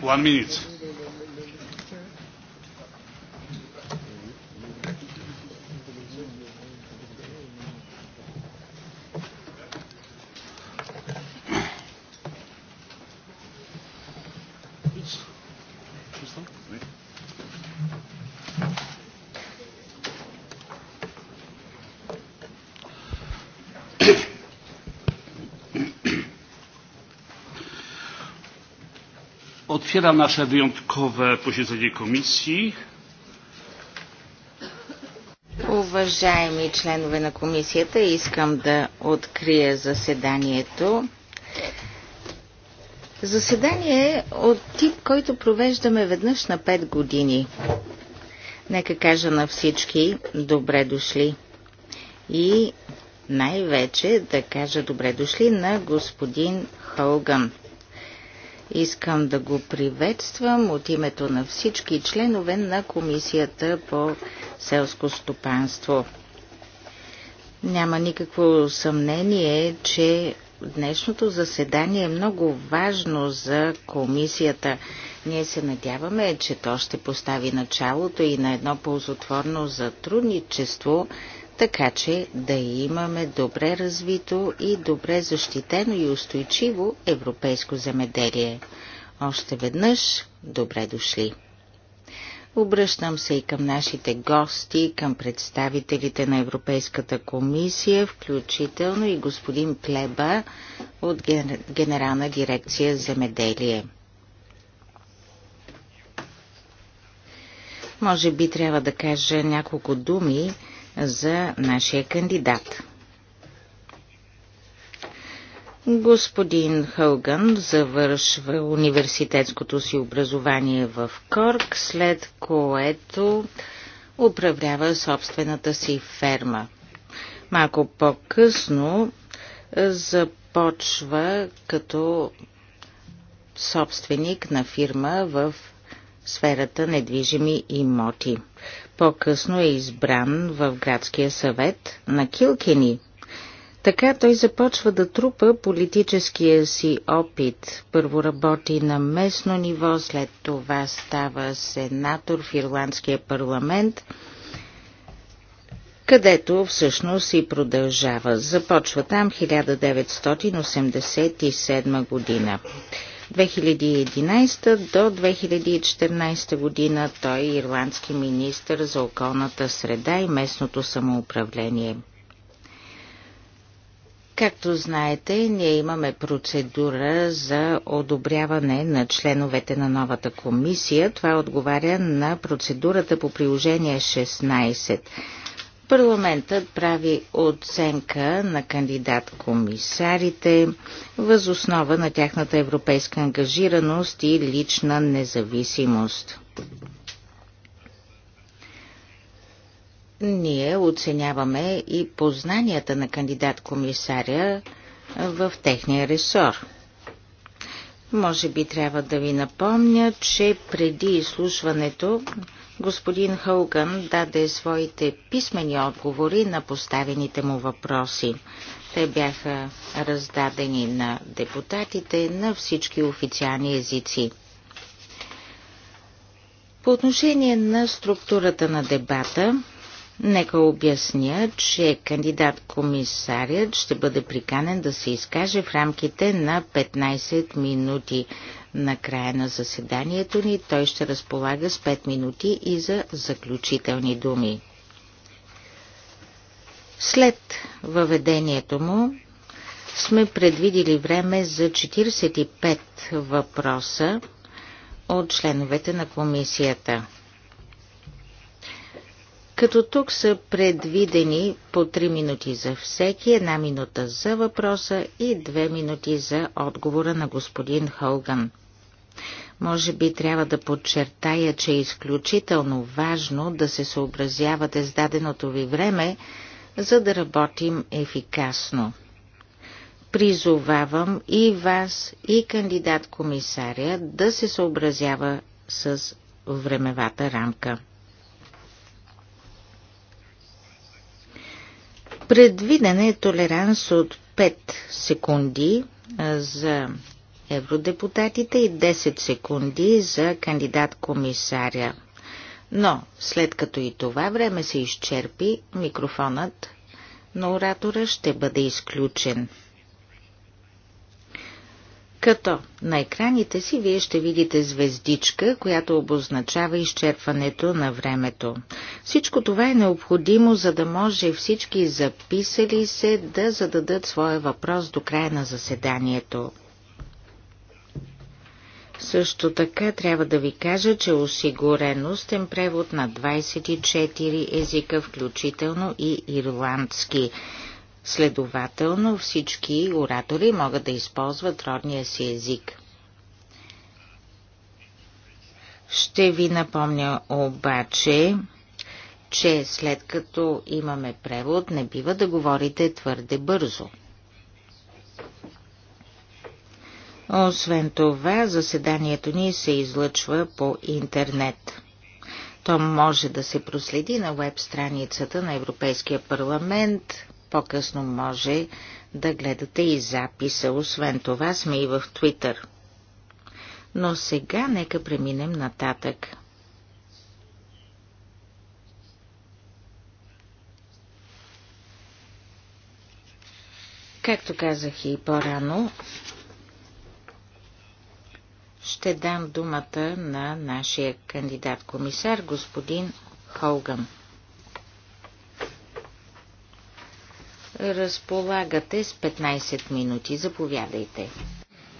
One minute. Otwieram nasze wyjątkowe posiedzenie komisji. Уважаеми членове на комисията, искам да открия заседанието. Заседание е от тип, който провеждаме веднъж на 5 години. Нека кажа на всички добре дошли. И най-вече да кажа добре дошли на господин Холган – Искам да го приветствам от името на всички членове на Комисията по селско стопанство. Няма никакво съмнение, че днешното заседание е много важно за комисията. Ние се надяваме, че то ще постави началото и на едно ползотворно затрудничество така че да имаме добре развито и добре защитено и устойчиво европейско земеделие. Още веднъж добре дошли! Обръщам се и към нашите гости, към представителите на Европейската комисия, включително и господин Плеба от Генерална дирекция Земеделие. Може би трябва да кажа няколко думи за нашия кандидат. Господин Хълган завършва университетското си образование в Корк, след което управлява собствената си ферма. Малко по-късно започва като собственик на фирма в сферата недвижими имоти. По-късно е избран в градския съвет на Килкени. Така той започва да трупа политическия си опит. Първо работи на местно ниво, след това става сенатор в Ирландския парламент където всъщност и продължава. Започва там 1987 година. 2011 до 2014 година той е ирландски министр за околната среда и местното самоуправление. Както знаете, ние имаме процедура за одобряване на членовете на новата комисия. Това отговаря на процедурата по приложение 16. Парламентът прави оценка на кандидат-комисарите възоснова на тяхната европейска ангажираност и лична независимост. Ние оценяваме и познанията на кандидат-комисаря в техния ресор – може би трябва да ви напомня, че преди изслушването господин Хълган даде своите писмени отговори на поставените му въпроси. Те бяха раздадени на депутатите на всички официални езици. По отношение на структурата на дебата, Нека обясня, че кандидат-комисарят ще бъде приканен да се изкаже в рамките на 15 минути. На края на заседанието ни той ще разполага с 5 минути и за заключителни думи. След въведението му сме предвидили време за 45 въпроса от членовете на комисията като тук са предвидени по 3 минути за всеки, една минута за въпроса и две минути за отговора на господин Холган. Може би трябва да подчертая, че е изключително важно да се съобразявате с даденото ви време, за да работим ефикасно. Призовавам и вас, и кандидат-комисаря да се съобразява с времевата рамка. Предвиден е толеранс от 5 секунди за евродепутатите и 10 секунди за кандидат-комисаря. Но след като и това време се изчерпи, микрофонът на оратора ще бъде изключен като на екраните си вие ще видите звездичка, която обозначава изчерпването на времето. Всичко това е необходимо, за да може всички записали се да зададат своя въпрос до края на заседанието. Също така трябва да ви кажа, че е осигурен превод на 24 езика, включително и ирландски. Следователно всички оратори могат да използват родния си език. Ще ви напомня обаче, че след като имаме превод, не бива да говорите твърде бързо. Освен това, заседанието ни се излъчва по интернет. То може да се проследи на веб страницата на Европейския парламент – по-късно може да гледате и записа. Освен това сме и в Твитър. Но сега нека преминем нататък. Както казах и по-рано, ще дам думата на нашия кандидат-комисар, господин Холган. Разполагате с 15 минути. Заповядайте.